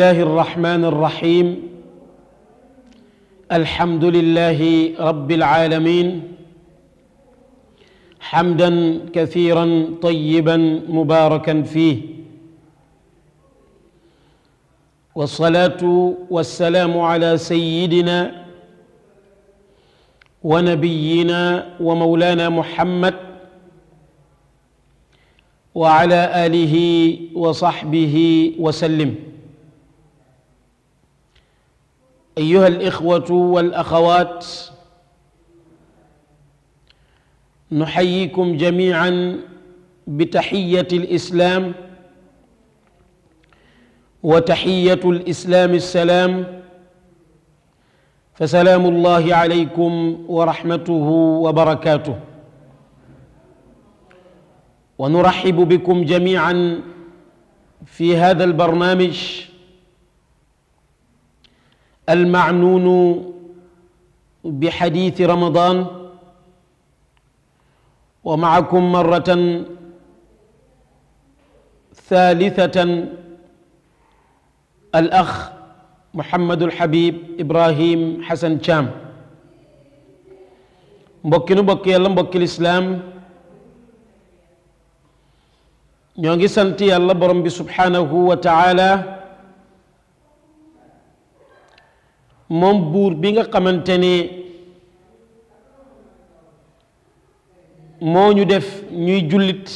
الله الرحمن الرحيم الحمد لله رب العالمين حمدا كثيرا طيبا مباركا فيه والصلاه والسلام على سيدنا ونبينا ومولانا محمد وعلى اله وصحبه وسلم ايها الاخوه والاخوات نحييكم جميعا بتحيه الاسلام وتحيه الاسلام السلام فسلام الله عليكم ورحمته وبركاته ونرحب بكم جميعا في هذا البرنامج المعنون بحديث رمضان ومعكم مرة ثالثة الأخ محمد الحبيب إبراهيم حسن شام مبكي نبكي الله مبكي الإسلام نيونغي سنتي الله برمبي سبحانه وتعالى moom buur bi nga xamante ne moo ñu def ñuy jullit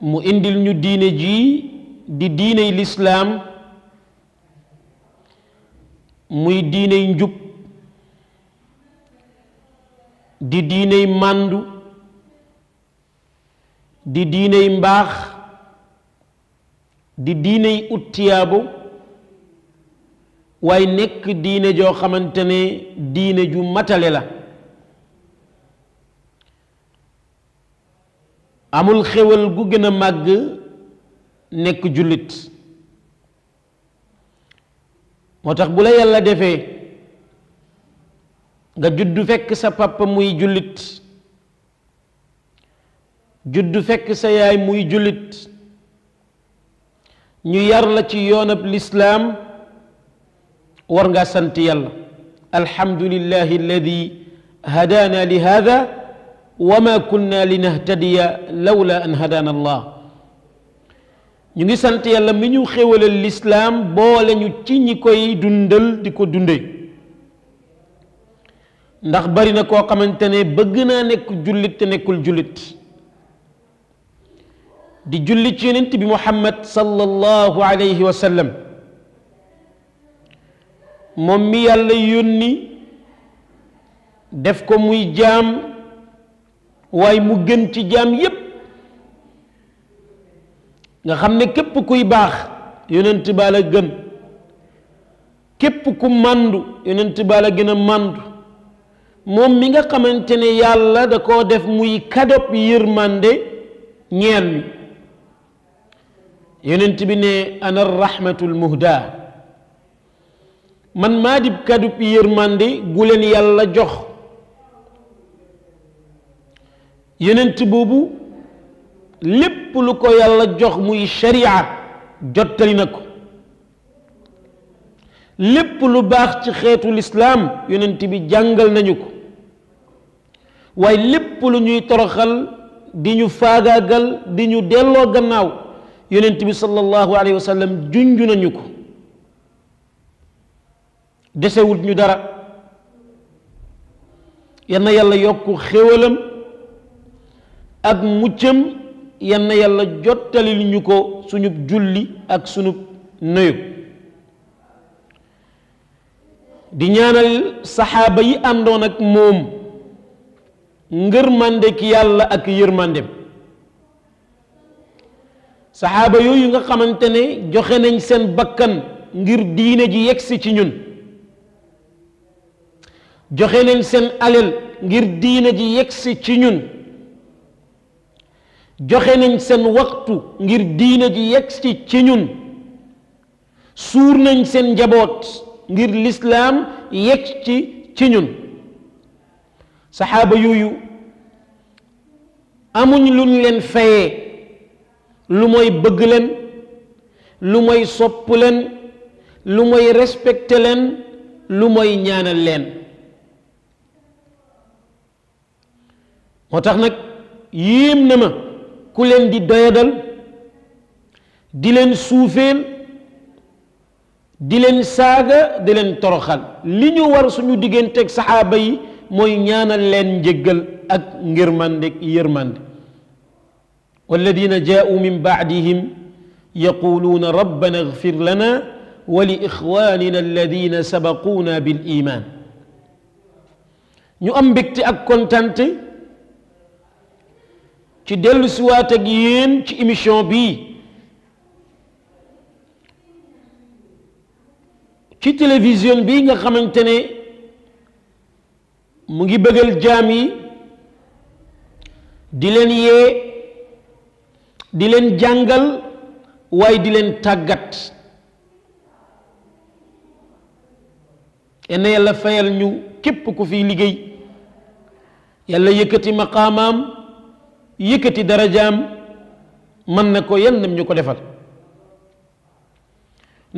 mu indil ñu diine jii di diiney lislaam muy diiney njub di diiney màndu di diiney mbaax di diiney ut waaye nekk diine joo xamante ne diine ju matale la amul xéwal gu gën a màgg nekk jullit moo tax bu la yàlla defee nga judd fekk sa papa muy jullit judd fekk sa yaay muy jullit ñu yar la ci yoonab lislaam ورغا سنت يلا الحمد لله الذي هدانا لهذا وما كنا لنهتدي لولا ان هدانا الله نيغي سنت يلا مينو خيول الاسلام بول نيو تي نيكوي دوندل ديكو دوندي ndax bari na koo xamante ne bëgg naa nekk jullit te nekkul jullit di julli ci yonent bi muhammad sallallahu alayhi wa sallam moom mi yàlla yónni def ko muy jaam waaye mu gën ci jaam yépp nga xam ne képp kuy baax yonent baa la gën képp ku màndu yonent baa la gën a màndu moom mi nga xamante ne yàlla da koo def muy kadob yërmande ñeel mi yonent bi ne ana rahmatul muhda man maa di kadub yërmande gu leen yàlla jox yenent boobu lépp lu ko yàlla jox muy sharia jottali na ko lépp lu baax ci xeetu lislaam yonent bi jàngal nañu ko waaye lépp lu ñuy toroxal di ñu faagaagal di ñu delloo gannaaw yonent bi sallallahu alayhi wa sallam junj nañu ko desewut ñu dara yann yàlla yokk xéwalam ak muccam yann yàlla jottalil ñu ko suñu julli ak suñu nuyu di ñaanal saxaaba yi àndoon ak moom ngërmande ki yàlla ak yërmandem saxaaba yooyu nga xamante ne joxe nañ seen bakkan ngir diine ji yegsi ci ñun joxe leen seen alal ngir diina ji yegsi ci ñun joxe nañ seen waxtu ngir diina ji yegsi ci ñun suur nañ seen njaboot ngir lislaam yegsi ci ñun saxaaba yooyu amuñ luñ leen fayee lu mooy bëgg leen lu mooy sopp leen lu mooy respecté leen lu mooy ñaanal leen moo tax nag yéem na ma ku leen di doyadal di leen suufeel di leen saaga di leen toroxal li ñu war suñu digganteeg saxaaba yi mooy ñaanal leen njëggal ak ngirmandeg yërmande والذين جاءوا من بعدهم يقولون ربنا اغفر لنا ولإخواننا الذين سبقونا بالإيمان ñu am mbégte ak kontante ci dellu siwaat ak yéen ci émission bi ci télévision bi nga xamante ne mu ngi bëggal jaam yi di leen yee di leen jàngal waaye di leen tàggat yenn yàlla fayal ñu képp ku fiy liggéey yàlla yëkkati maqaamaam yëkkati darajaam mën na ko yan nam ñu ko defal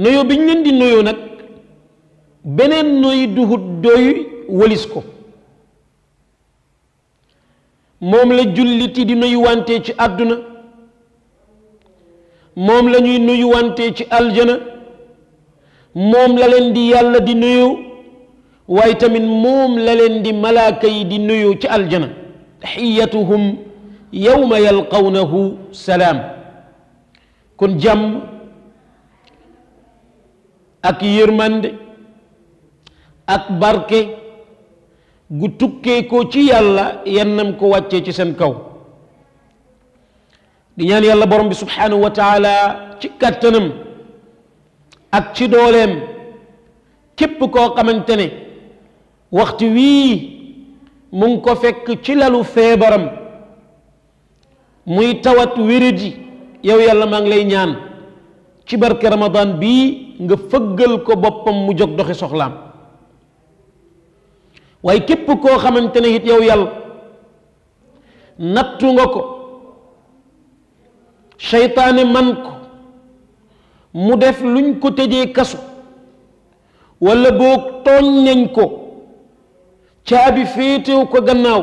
noyo bi ñu leen di noyo nag beneen noy duhut doy walis ko moom la julliti di nuyu wante ci àdduna moom la ñuy nuyu wante ci aljana moom la leen di yàlla di nuyu waaye tamit moom la leen di malaaka yi di nuyu ci aljana taxiyatuhum yawma yalqawnahu salaam kon jàmm ak yërmande ak barke gu tukkee ko ci yàlla yennam ko wàccee ci seen kaw di ñaan yàlla borom bi subhanahu wa taala ci kàttanam ak ci dooleem képp koo xamante ne waxtu wii mu ko fekk ci lalu feebaram muy tawat wéradi yow yàlla maa ngi lay ñaan ci barke Ramadan bii nga fëggal ko boppam mu jóg doxi soxlaam waaye képp koo xamante ne it yow yàlla nattu nga ko seytaane man ko mu def luñ ko tëjee kasu walla boog tooñ nañ ko caabi féetew ko gannaaw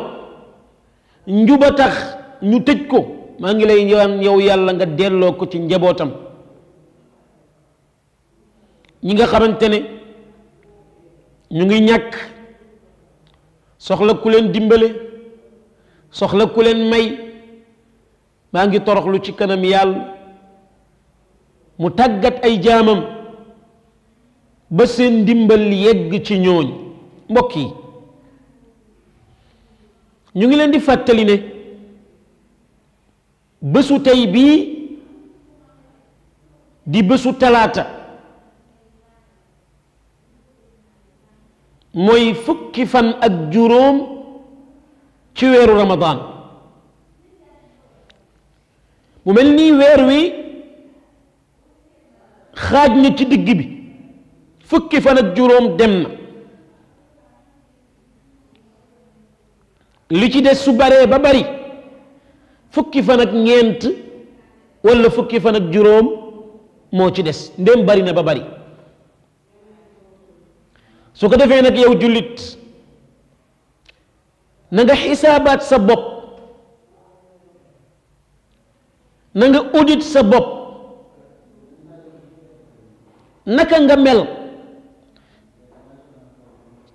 njuba tax ñu tëj ko maa ngi lay ñaan yow yàlla nga delloo ko ci njabootam ñi nga xamante ne ñu ngi ñàkk soxla ku leen dimbale soxla ku leen may maa ngi toroxlu ci kanam yàlla mu tàggat ay jaamam ba seen ndimbal yegg ci ñooñ mbokk yi ñu ngi leen di fàttali ne bésu tey bii di bésu talaata mooy fukki fan ak juróom ci weeru ramadaan mu mel nii weer wi xaaj na ci digg bi fukki fan ak juróom dem na li ci des su baree ba bari fukki fan ak ñeent wala fukki fan ak juróom moo ci des ndéem bari na ba bari su ko defee nag yow jullit na nga xisaabaat sa bopp na nga audit sa bopp naka nga mel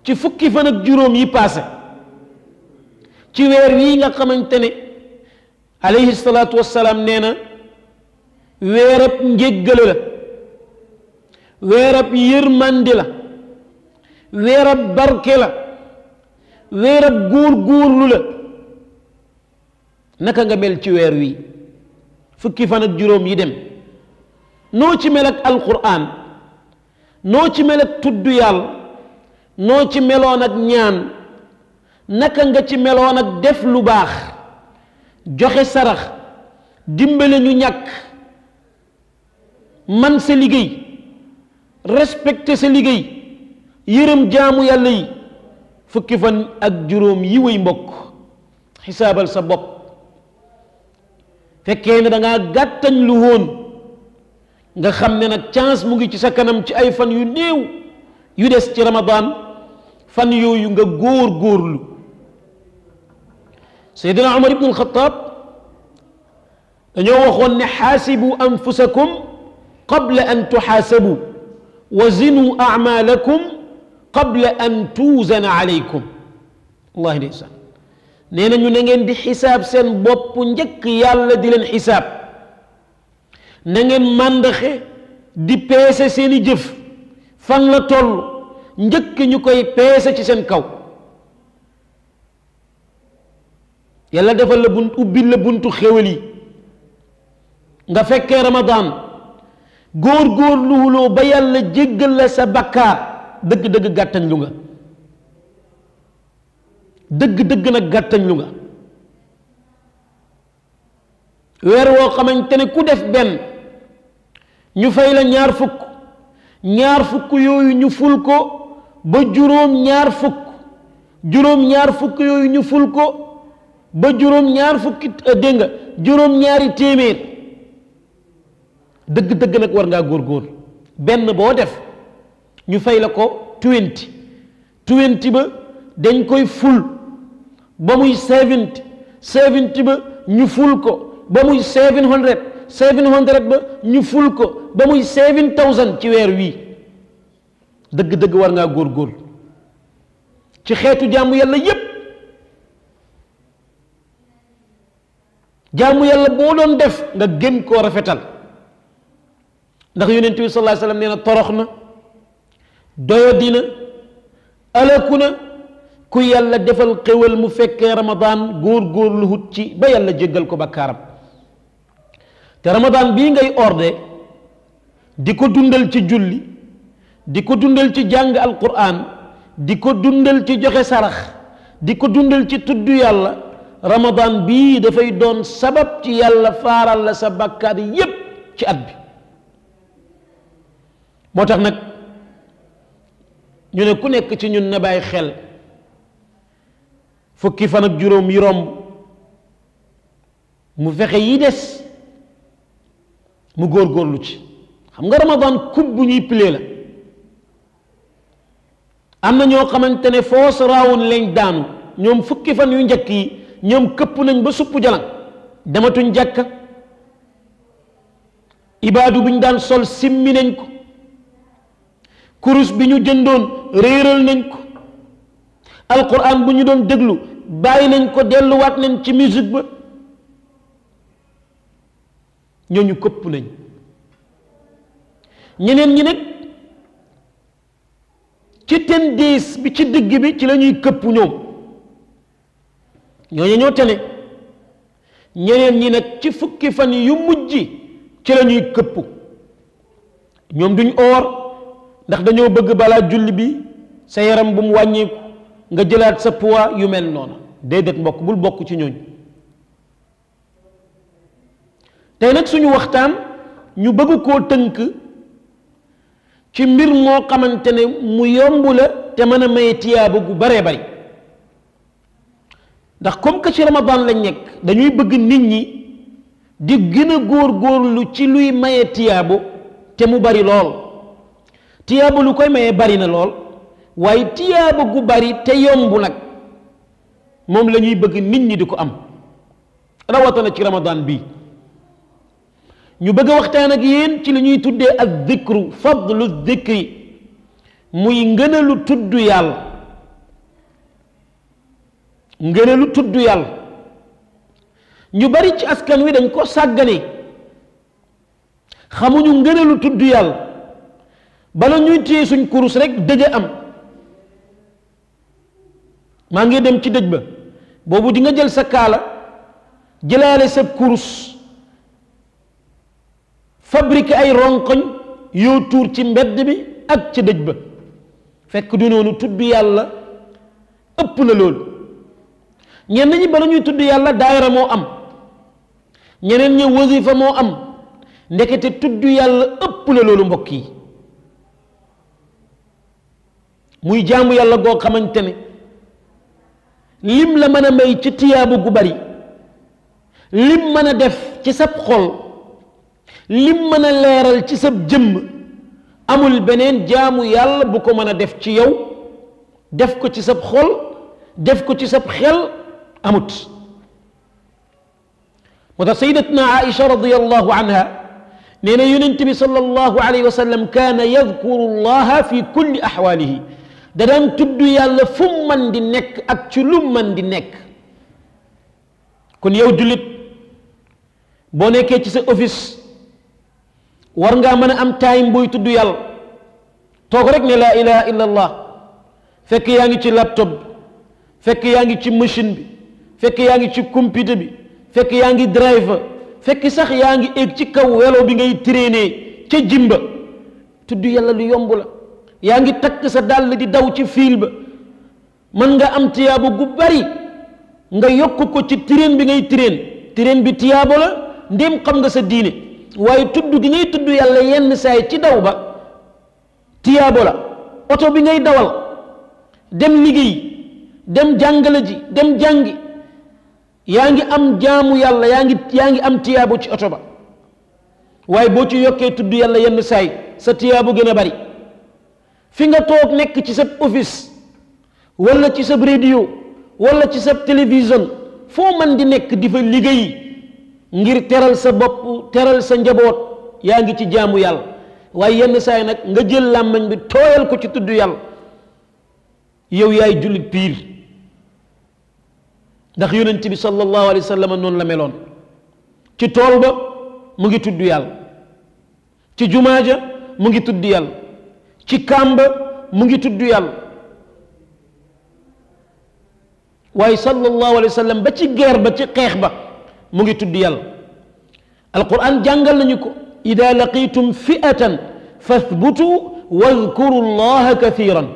ci fukki fan ak juróom yi paase ci weer yii nga xamante ne alayhi salaatu wassalaam nee na weerab njéggale la weerab yërmandi la weerab barke la weerab góor góorlu la naka nga mel ci weer wi fukki fan ak juróom yi dem noo ci mel ak alquran noo ci mel ak tudd yàlla noo ci meloon ak ñaan naka nga ci meloon ak def lu baax joxe sarax dimbale ñu ñàkk man sa liggéey respecté sa liggéey yërëm jaamu yàlla yi fukki fan ak juróom yi mbokk xisaabal sa bopp fekkee ne da gàttañ lu woon nga xam ne nag chance mu ngi ci sa kanam ci ay fan yu néew yu des ci Ramadan fan yooyu nga góor góorlu سيدنا عمر بن الخطاب دانيو واخون حاسبوا انفسكم قبل ان تحاسبوا وزنوا اعمالكم قبل ان توزن عليكم الله ليسان نينا نيو نانغين دي حساب سين بوب نجك يالا دي لن حساب نانغين ماندخي دي بيس سيني جف فان لا تول نجك نيو كوي بيس سي سين كاو yàlla defal la bunt ubbil la buntu xéwal yi nga fekkee ramadaan góor góor luwuloo ba yàlla jéggal la sa bakkaar dëgg-dëgg gàttañ lu nga dëgg-dëgg nag gàttañ lu nga weer woo xamante ne ku def benn ñu fay la ñaar fukk ñaar fukk yooyu ñu ful ko ba juróom ñaar fukk juróom ñaar fukk yooyu ñu ful ko ba juróom ñaar fukki euh, dégg nga juróom ñaari téeméer dëgg dëgg nag war ngaa góorgóor benn boo def ñu fay la ko twenty twenty ba dañ koy ful ba muy seventy seventy ba ñu ful ko ba muy seven hundred seven hundred ba ñu ful ko ba muy seven thousand ci weer wii dëgg dëgg war ngaa góor góor ci xeetu jaamu yàlla yépp jaamu yalla bo doon def nga gën koo rafetal ndax yonent bi sallallahu alayhi wasallam neena na torox na doyadi ku yalla defal xewal mu fekke ramadan gur lu hut ci ba yalla jegal ko bakaram te ramadan bi ngay orde diko dundal ci julli diko dundal ci jang alquran diko dundal ci joxe sarax diko dundal ci tuddu yalla رمضان بي دا فاي دون سبب تي يالا فارال لا سبكات ييب تي ات بي موتاخ نك ني نك كو نيك تي نون نباي خيل فكي فان جوروم يروم مو فخه يي ديس مو غور غور لوتي خمغا رمضان كوب ني بلي لا امنا ньо خامتاني فوس راون لين دانو نيوم فكي فان يو نجاكي ñoom këpp nañ ba supp jalan dematuñ jàkka ibaadu bi ñu daan sol simmi nañ ko kurus bi ñu jëndoon réeral nañ ko alquran bu ñu doon déglu bàyyi nañ ko delluwaat nañ ci musique ba ñooñu këpp nañ ñeneen ñi nag ci tendance bi ci digg bi ci lañuy ñuy këpp ñoom ñooñu ñoo tene ñeneen ñi nag ci fukki fan yu mujj ci la ñuy këpp ñoom duñ oor ndax dañoo bëgg balaa julli bi sa yaram bu mu wàññeeku nga jëlaat sa poids yu mel noonu déedéet mbokk bul bokk ci ñooñ tey nag suñu waxtaan ñu bëgg koo tënk ci mbir moo xamante ne mu yomb la te mën a may tiyaabu bu baree bari ndax comme que ci ramadan lañ nekk dañuy bëgg nit ñi di gën góor góorlu ci luy maye tiyaabo te mu bari lool tiyaabo lu koy maye bari na lool waaye tiyaabo gu bari te yomb nag moom lañuy bëgg nit ñi di ko am rawatana ci ramadan bi ñu bëgg a waxtaan ak yéen ci li ñuy tuddee ak zikru fadlu zikri muy ngënalu tudd yàlla ngëne lu tudd yàlla ñu bari ci askan wi dañ koo sàggane xamuñu ngëne lu tudd yàlla bala ñuy téye suñ kurus rekk dëj am maa ngi dem ci dëj ba boobu dinga jël sa kaala jëlaale sa kurus fabriqué ay ronkoñ yoo tuur ci mbedd bi ak ca dëj ba fekk du noonu tudd yàlla ëpp na loolu ñenn ñi bala ñuy tudd yàlla daayira moo am ñeneen ñi wasifa moo am ndekete tudd yàlla ëpp na loolu mbokk yi muy jaamu yàlla goo xamante ne lim la mën a may ci tiyaabu gu bari lim mën a def ci sab xol lim mën a leeral ci sab jëmm amul beneen jaamu yàlla bu ko mën a def ci yow def ko ci sab xol def ko ci sab xel أمت وذا سيدتنا عائشة رضي الله عنها نين ينتبي صلى الله عليه وسلم كان يذكر الله في كل أحواله دران تدو يا لفمن دي نك اك تلومن دي نك كون يو اوفيس وارغا مانا ام تايم بوي تدو يال توك ريك اله الا الله فك ياغي سي لابتوب فك ياغي سي ماشين بي fekk yaa ngi ci compite bi fekk yaa ngi drive fekk sax yaa ngi egg ci kaw welo bi ngay traîner ca jimba tudd yàlla lu yomb la yaa ngi takk sa dàll di daw ci fiil ba man nga am tiyaabo gu bari nga yokk ko ci train bi ngay train train bi tiyaabo la ndem xam nga sa diine waaye tudd gi ngay tudd yàlla yenn saay ci daw ba tiyaabo la oto bi ngay dawal dem liggéey dem jàngale ji dem jàngi yaa ngi am jaamu yàlla yaa ngi yaa ngi am tiyaabu ci oto ba waaye boo ci yokkee tudd yàlla yenn saay sa tiyaabu gën a bari fi nga toog nekk ci sa office wala ci sa radio wala ci sab télévision foo man di nekk di fa liggéey ngir teral sa bopp teral sa njaboot yaa ngi ci jaamu yàlla waaye yenn saay nag nga jël làmbañ bi tooyal ko ci tudd yàlla yow yaay jullit piir ndax yonent bi sallallahu alayhi wasallam non la melon. ci tol ba mu ngi tuddu yalla ci jumaaja mu ngi tuddu yalla ci kamba mu ngi tuddu yalla way sallallahu alayhi wa ba ci guerre ba ci xex ba mu ngi tuddu yalla alquran jangal nañu ko ida laqitum fi'atan fathbutu wadkuru llaha kathiran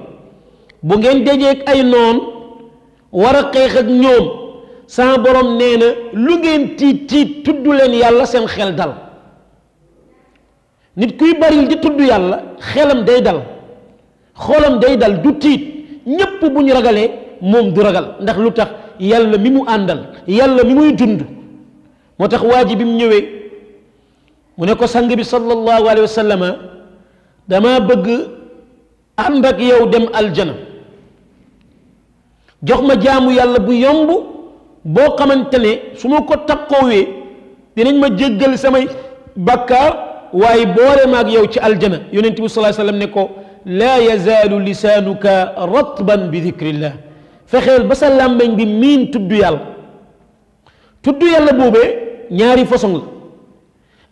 bu ngeen dajeeg ay non wara xex ak ñoom sama borom nee na lu ngeen tiit tiit tudd leen yàlla seen xel dal nit kuy baril di tudd yàlla xelam day dal xolam day dal du tiit ñépp bu ñu ragalee moom du ragal ndax lu tax yàlla mi mu àndal yàlla mi muy dund moo tax waa ji bi mu ñëwee mu ne ko sang bi sallallahu alayhi wa sallam dama bëgg ànd ak yow dem aljana jox ma jaamu yàlla bu yomb bo xamantene ne su ma ko takkoowee dinañ ma jéggal samay bakkar waaye boole maag yow ci aljana yonent bi alayhi wasallam ne ko la yazalu lisanuka ratban bi dicrillah fexeel ba sa làmmeñ bi min tuddu yàlla tuddu yàlla bobé ñaari façon la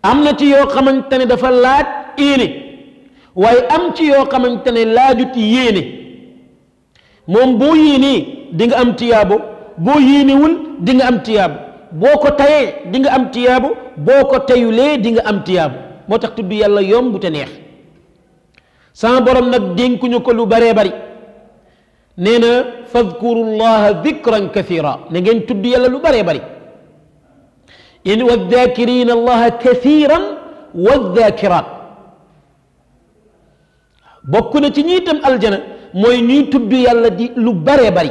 amna ci yo xamantene dafa laaj ini waaye am ci yo xamantene ne laajut yéene moom boo yéenee di nga am tiyabo boo yéenewul dinga am tiyaabu boo ko tayee di nga am tiyaabu boo ko tayulee di nga am tiyaabu moo tax tudd yàlla yomb te neex sama borom nag dénkuñu ko lu baree bari nee na fadkurullaha dikran kathira na ngeen tudd yàlla lu baree bari in wa dakirina allaha kathiran bokk na ci ñiy dem aljana mooy ñuy tudd yàlla lu baree bari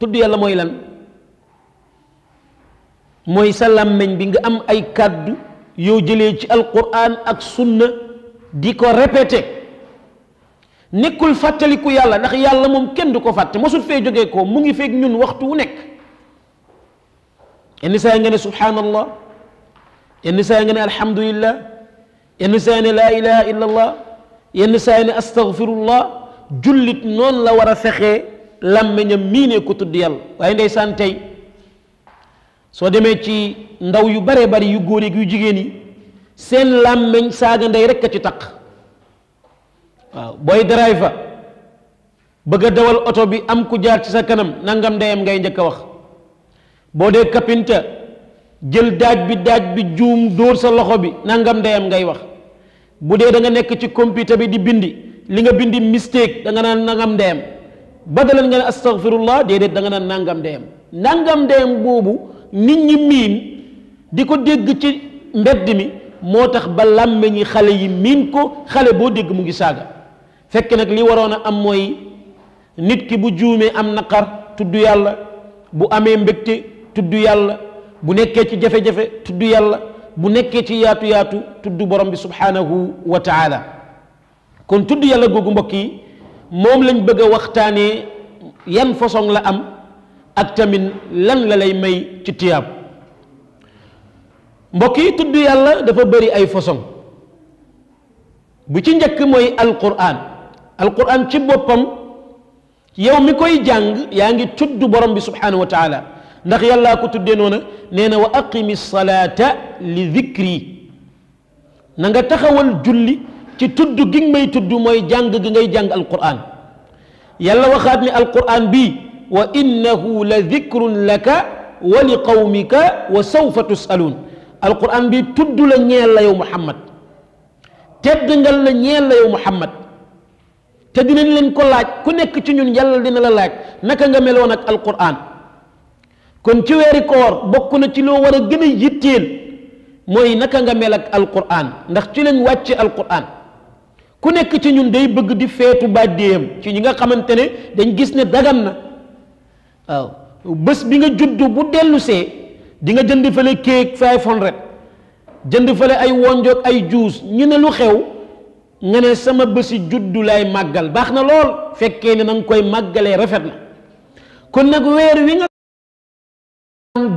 tudd yàlla mooy lan mooy sa làmmiñ bi nga am ay kàddu yoo jëlee ci alquran ak sunna di ko répété nekkul fàttaliku yàlla ndax yàlla moom kenn du ko fàtte mosut fee joge ko mu ngi feeg ñun waxtu wu nekk yenn saa yi nga ne subhaanallah yenn saa yi nga ne alhamdulillah yenn saa yi ne yenn saa yi ne astaghfirullah jullit noonu la war a fexee Lam miinee ko tudd yàlla waaye ndeysaan tey soo demee ci ndaw yu bare bari yu góor yu jigéen yi seen làmmiñ saaga ndey rek ci taq waaw booy driver bëgg a dawal oto bi am ku jaar ci sa kanam nangam ndeyam ngay njëkk a wax boo dee kapinta jël daaj bi daaj bi juum dóor sa loxo bi nangam ndeyam ngay wax bu dee da nga nekk ci computer bi di bindi li nga bindi mistake da nga naan nangam ndeyam badalan nga ne astaghfirullah déedéet da danga naan nangam deyam nangam deyam boobu nit ñi miin di ko dégg ci mbedd mi moo tax ba làmme ñi xale yi miin ko xale boo dégg mu ngi saaga fekk nag li waroon a am mooy nit ki bu juumee am naqar tudd yàlla bu amee mbëgte tudd yàlla bu nekkee ci jafe-jafe tudd yàlla bu nekkee ci yaatu yaatu tudd borom bi subhanahu wa taala kon tudd yàlla googu mbokk yi mom lañ bëgg a yan façon la am ak tamin lan la lay may ci tiyab mbokk yi dafa bëri ay fosong. bu ci ñëk moy alquran alquran ci bopam yow mi koy jang yaangi tuddu borom bi subhanahu wa taala ndax yalla ko tuddé nona wa aqimi salaata li dhikri na nga taxawal julli ci tudd gi nga may tudd mooy jàng gi ngay jàng alquran yàlla waxaat ni alquran bi wa innahu la dhikrun laka wa li qawmika wa sawfa tusalun alquran bi tudd la ñeel la yow muhammad tedd ngal la ñeel la yow muhammad te dinañ leen ko laaj ku nekk ci ñun yàlla dina la laaj naka nga meloon ak alquran kon ci weeri koor bokk na ci loo war a gën a yitteel mooy naka nga mel ak alquran ndax ci leen wàcce alquran ku nekk ci ñun day bëgg di feetu bàddeeyam ci ñi nga xamante ne dañ gis ne dagam na waaw bés bi nga judd bu dellu see di nga jënd fële kéeg five hundred jënd fële ay wonjoog ay juus ñu ne lu xew nga ne sama bési judd lay màggal baax na lool fekkee ne na nga koy màggalee rafet na kon nag weer wi nga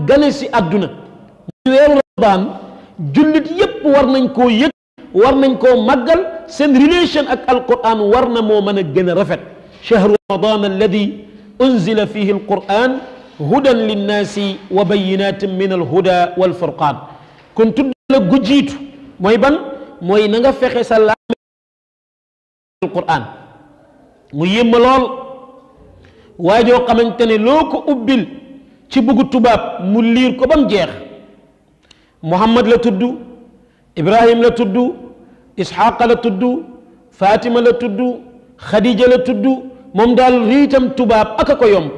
gane si àdduna weeru rabaan jullit yépp war nañ koo yëg ورنا كو مغال سين ريليشن اك القران ورنا مو شهر رمضان الذي انزل فيه القران هدى للناس وبينات من الهدى والفرقان كنت لا جيت موي بان موي نغا فخي سلام القران مو يم لول وادو خامتني لوكو اوبيل تي بوغ توباب مو لير كو بام جيخ محمد لا تدو ibrahim la tudd isxaqa la tudd fatima la tudd xadija la tudd moom daal riitam tubaab aka ko yomb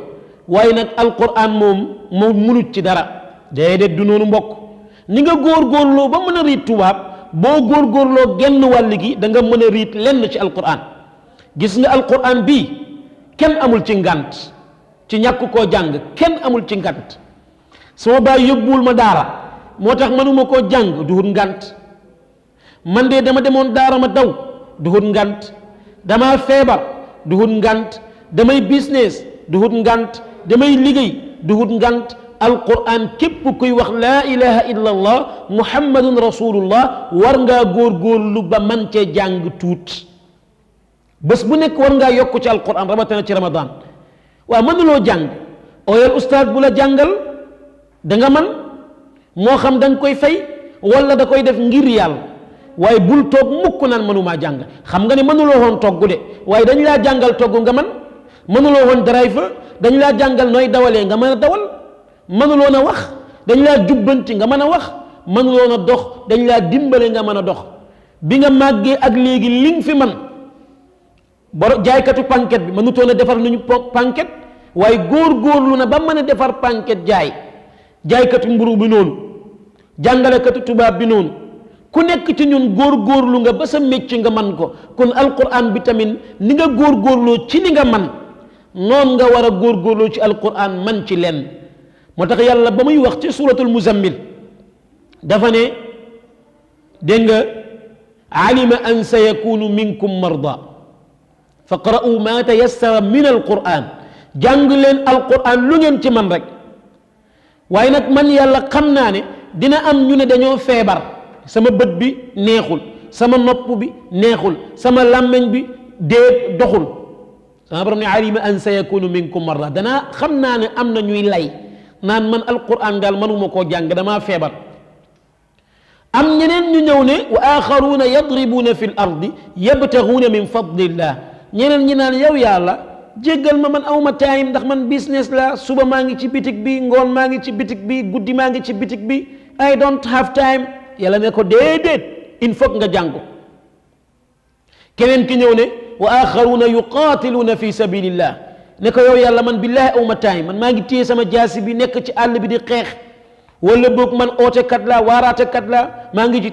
waaye nag alquran moom munut ci dara déedéet du noonu mbokk ni nga góor góorgóorloo ba mën a riit tubaab boo góor góorgóorloo genn wàll gi danga mën a riit lenn ci alquran gis nga alquran bii kenn amul ci ngant ci ñàkk koo jàng kenn amul ci ngant sama baay yóbbuwul ma daara moo tax mënuma koo jàng duhut ngant man de dama demon daara ma daw duhun ngant dama febar duhun ngant damay business duhun ngant damay liggéey duhun ngant alquran kep kuy wax la ilaha illallah muhammadun rasulullah war gurgul luba ba man ci jang tout bes bu nek war nga yokk ci alquran rabatana ci ramadan waaw mënuloo jàng ooyal ustaad bu la jangal da nga man mo xam dang koy fay wala da koy def ngir yalla waaye bul toog mukk naan mënumaa jàng xam nga ne mënuloo woon togg de waaye dañu laa jàngal togg nga man mënuloo woon driver dañ laa jàngal nooy dawalee nga mën a dawal mënuloon a wax dañ laa jubbanti nga mën a wax mënuloon a dox dañ laa dimbale nga mën a dox bi nga màggee ak léegi li fi man boro jaaykati pànket bi mënutoon a defar nañu panket waaye góor góorlu na ba mën a defar panket jaay jaaykatu mburu bi noonu jàngalekatu tubaab bi noonu ku nekk ci ñun góor-góorlu nga ba sa mécc nga man ko kon alquran bi tamit ni nga góor-góorloo ci li nga man noon nga war a góor-góorloo ci alquran man ci lenn moo tax yàlla ba muy wax ci suratul muzammil dafa ne dégg nga alima an sa yakunu minkum marda fa qara'u ma tayassara min alquran jàng leen alquran lu ngeen ci man rek waaye nag man yàlla xam naa ne dina am ñu ne dañoo feebar sama bët bi neexul sama nopp bi neexul sama làmmiñ bi dee doxul sama borom ne alima an sayakunu minkum marra danaa xam naa ne am na ñuy lay naan man alquran daal manuma koo jàng damaa feebar am ñeneen ñu ñëw ne wa axaruuna yadribuuna fi l ardi yabtaxuuna min fadlillah ñeneen ñi naan yow yàlla jéggal ma man awma taayim ndax man business la suba maa ngi ci bitig bi ngoon maa ngi ci bitig bi guddi maa ngi ci bitig bi i don't have time yàlla ne ko déedéet il faut nga jàng keneen ki ñëw ne wa axaruna yuqatiluuna fi sabilillah ne ko yow yàlla man billahi awma taay man maa ngi téye sama jaasi bi nekk ci àll bi di xeex wala boog man ootekat laa waaraatekat laa maa ngi ci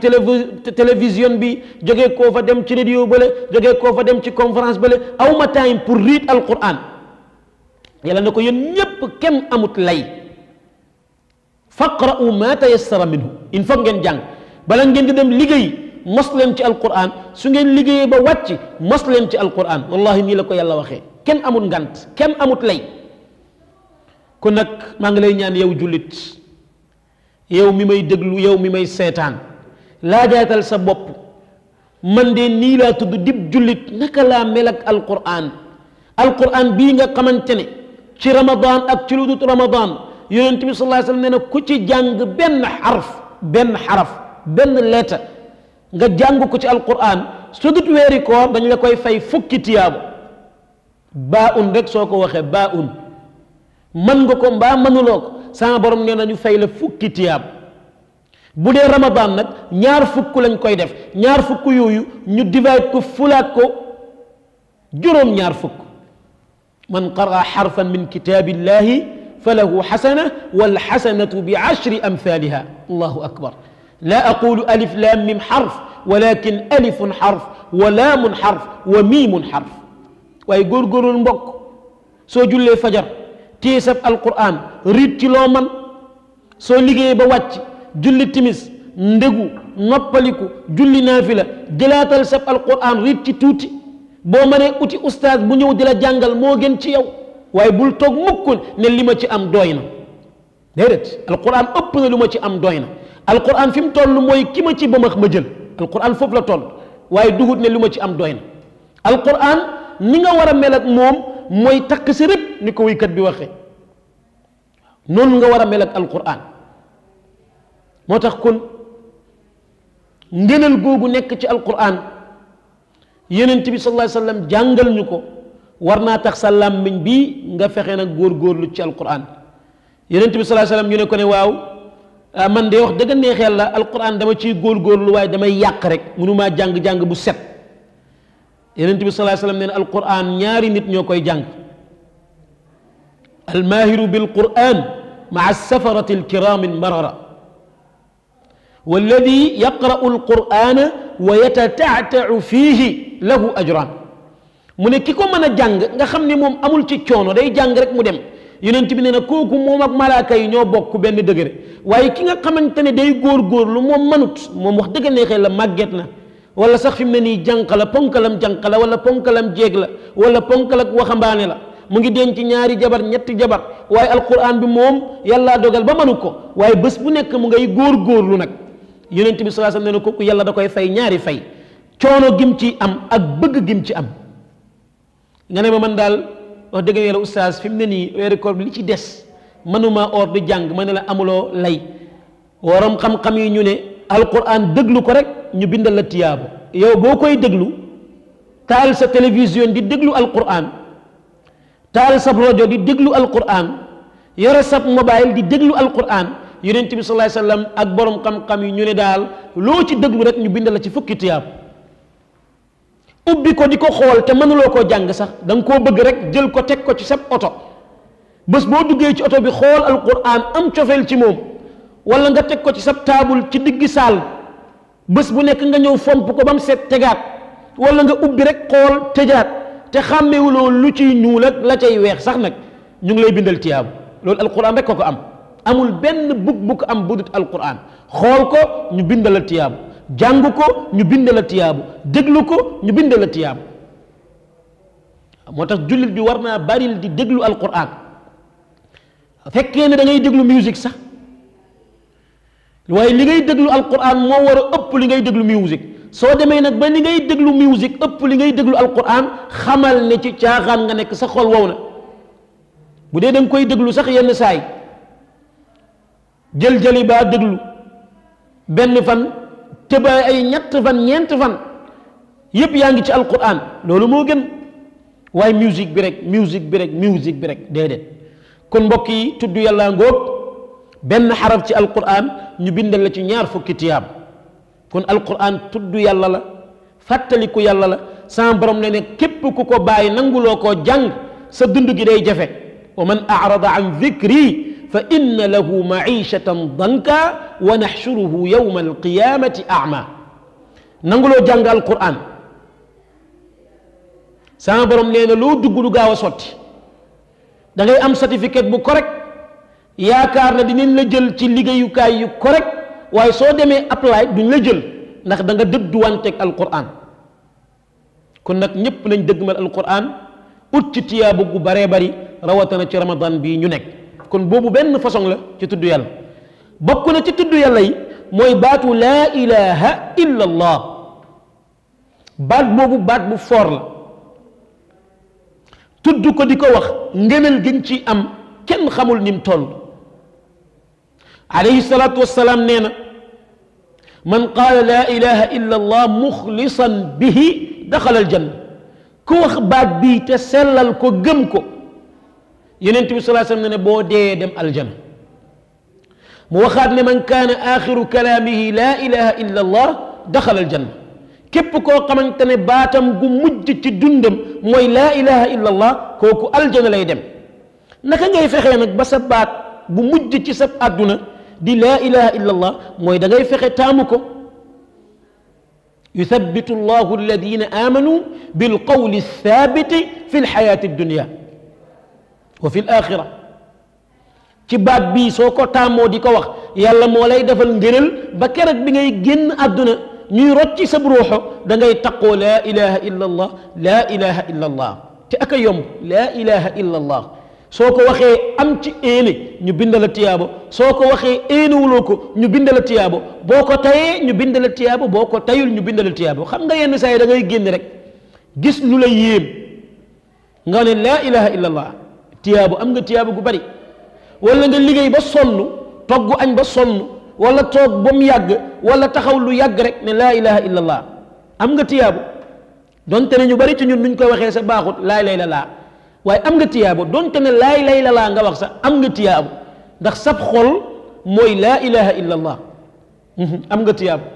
télévision bi jóge koo fa dem ci radio bële jóge koo fa dem ci conférence bële awma time pour read al quran yàlla ne ko yéen ñépp kenn amut lay faqra'u ma tayassara minhu il faut ngeen jàng bala ngeen di dem liggéey mos leen ci alquran su ngeen liggéeyee ba wàcc mos leen ci alquran wallahi nii la ko yàlla waxee kenn amut ngant kenn amut lay kon nag maa ngi lay ñaan yow jullit yow mi may déglu yow mi may seetaan laajaatal sa bopp man de nii laa tudd dib jullit naka laa mel ak alquran bii nga xamante ne ci ramadan ak ci lu dut ramadan yonent bi sallallahu nee na ku ci jàng benn xarf بن حرف بن لتر nga jàng ko ci alquran su dut weeri koor dañ la koy fay fukki tiyabo baun rek soko waxe baun man nga ko ba mënuloo sa sama borom nee nañu fay la fukki tiyab bu dee ramadan nak ñaar fukk lañ koy def ñaar fukk yoyu ñu divide ko fulaat ko juróom ñaar fukk man qara harfan min kitabillahi فله حسنة والحسنة بعشر أمثالها الله أكبر لا أقول ألف لام ميم حرف ولكن ألف حرف ولام حرف وميم حرف ويقول قول المبك سو جل فجر تيسب القرآن ريت لومن سو بواتي جل تمس ندقو noppaliku جل نافلة جلات sab القرآن rit توتي tuuti اوتي أستاذ بنيو ustaaz جانجل موغن تيو waye bul tok mukkul ne lima ci am doyna dedet alquran upp na luma ci am doyna alquran fim toll moy kima ci bëmax ma jël alquran fof la toll waye dugut ne luma ci am doyna alquran ni nga wara mel ak mom moy tak si rep ni ko kat bi waxe non nga wara mel ak alquran motax kun ngeenal gogu nek ci alquran yenent sallallahu alayhi wasallam sallam jàngal ñuko warna tax sa làmmiñ bi nga fexe nak gor gor lu ci alquran yonent bi alayhi wasallam ñu ne ko ne waw man de wax dëgg xel la alquran dama ciy góorgóorlu waaye damay yàq rek munuma jang jàng-jàng bu set yonent bi sallallahu alayhi wasallam ne alquran ñaari nit ñokoy ñoo koy jàng almaahiru bilquran maa safarati alkiraami almarara marara والذي يقرأ القرآن ويتتعتع فيه له أجران mu ne ki ko mën a jàng nga xam ne moom amul ci coono day jàng rek mu dem yonent bi ne na kooku moom ak malaaka yi ñoo bokk benn dëgëre waaye ki nga xamante ne day góorgóorlu moom manut moom wax dëgg la màgget na wala sax fi mu ne nii jànq la ponkalam jànq la wala ponkalam jéeg la wala ponkal waxambaane la mu ngi denc ñaari jabar ñetti jabar waaye alquran bi moom yàllaa dogal ba mënu ko waaye bés bu nekk mu ngay góor góorgóorlu nag yonent bi sallallahu alayhi wasallam ne na yàlla da koy fay ñaari fay coono gim ci am ak bëgg gim ci am nga ne ma man daal wax dëgg yàlla oustaz fi mu ne nii weeru koor li ci des manuma or di jàng ma ne la amuloo lay waram xam-xam yi ñu ne alquran déglu ko rek ñu bindal la tiyaabu yow boo koy déglu taal sa télévision di déglu alquran taal sa rajo di déglu alquran yore sa mobile di déglu alquran yonent bi sallallahu alayhi wasallam ak borom xam-xam yi ñu ne daal loo ci déglu rek ñu bindal la ci fukki tiyaabu ubbi ko di ko xool te mënuloo koo jàng sax da nga koo bëgg rek jël ko teg ko ci sab oto bés boo duggee ci oto bi xool alquran am cofeel ci moom wala nga teg ko ci sab taabul ci digg saal bés bu nekk nga ñëw fomp ko bam mu set tegaat wala nga ubbi rek xool tëjaat te xàmmewuloo lu ciy ñuul ak la cay weex sax nag ñu ngi lay bindal tiyaabu loolu alquran rek ko ko am amul benn bug bu ko am budut alquran xool ko ñu bindal tiyaabu jàng ko ñu bind la tiyaabu déglu ko ñu bind la tiyaabu moo tax jullit bi war naa baril di déglu alquran fekkee ne da ngay déglu musique sax waaye li ngay déglu alquran moo war a ëpp li ngay déglu musique soo demee nag ba li ngay déglu musique ëpp li ngay déglu alquran xamal ne ci caaxaan nga nekk sa xol wow na bu dee da koy déglu sax yenn saay jël jëli baa déglu benn fan te ba ay ñett fan ñeent fan yëpp yaa ngi ci alquran loolu moo gën waaye musique bi rek musique bi rek musique bi rek déedéet kon mbokk yi tudd yàlla ngóog benn xarab ci alquran ñu bindal la ci ñaar fukki tiyaab kon alquran tudd yàlla la fàttaliku yàlla la sama borom ne ne képp ku ko bàyyi nanguloo koo jàng sa dund gi day jafe wa man arada an dikri فإن له معيشة ضنكا ونحشره يوم القيامة أعمى نقول جنغ القرآن سان بروم لين لو دغلو غاوا سوتي دا ام سيرتيفيكيت بو كوريك ياكار نا دينين لا جيل سي يو كوريك واي سو ديمي ابلاي دون لا جيل ناخ داغا دد وانتك القران كون نك نييب لاني القران اوتي تيابو غو باري باري رواتنا رمضان بي ني kon bobu ben façon la ci tuddu yàlla bokku na ci tuddu yàlla yi moy batu la ilaha illa allah bat bobu bat bu for la tuddu ko diko wax ngënal giñ ci am kenn xamul nim toll alayhi salaatu wassalaam nee من قال لا إله إلا الله مخلصا به دخل الجنة aljanna بات بي تسلل كو te sellal يننتي صلى الله عليه وسلم نني بو دي الجنه مو واخات من كان اخر كلامه لا اله الا الله دخل الجنه كيب كوكا من تنباتم غو مجي موي لا اله الا الله كوكو الجنه لاي دم نكا غاي فخي نك با بات بو مجي تي دي لا اله الا الله موي داغي فخي تامكو يثبت الله الذين امنوا بالقول الثابت في الحياه الدنيا wa fil axira ci baat bii soo ko tàmmoo di ko wax yàlla moo lay defal ngënal ba keroog bi ngay génn àdduna ñuy rocci sa ruuxu da ngay taqoo laa ilaha illa allah laa ilaha illa allah te aka yomb laa ilaha illa allah soo ko waxee am ci éene ñu bindala tiyaabo soo ko waxee éenewuloo ko ñu bindala tiyaabo boo ko tayee ñu bindala tiyaabo boo ko tayul ñu bindala tiyaabo xam nga yenn saa yi da ngay génn rek gis lu la yéem nga ne laa ilaha illa allah tiyaabu am nga tiyaabu gu bari wala nga liggéey ba sonn togg añ ba sonn wala toog ba mu yàgg wala taxaw lu yàgg rek ne laa ilaha illa am nga tiyaabu donte ne ñu bari ci ñun nuñ koy waxee sa baaxut laay lay la laa waaye am nga tiyaabu donte ne laay lay la nga wax sax am nga tiyaabu ndax sab xol mooy laa ilaha illa mhm, am nga tiyaabu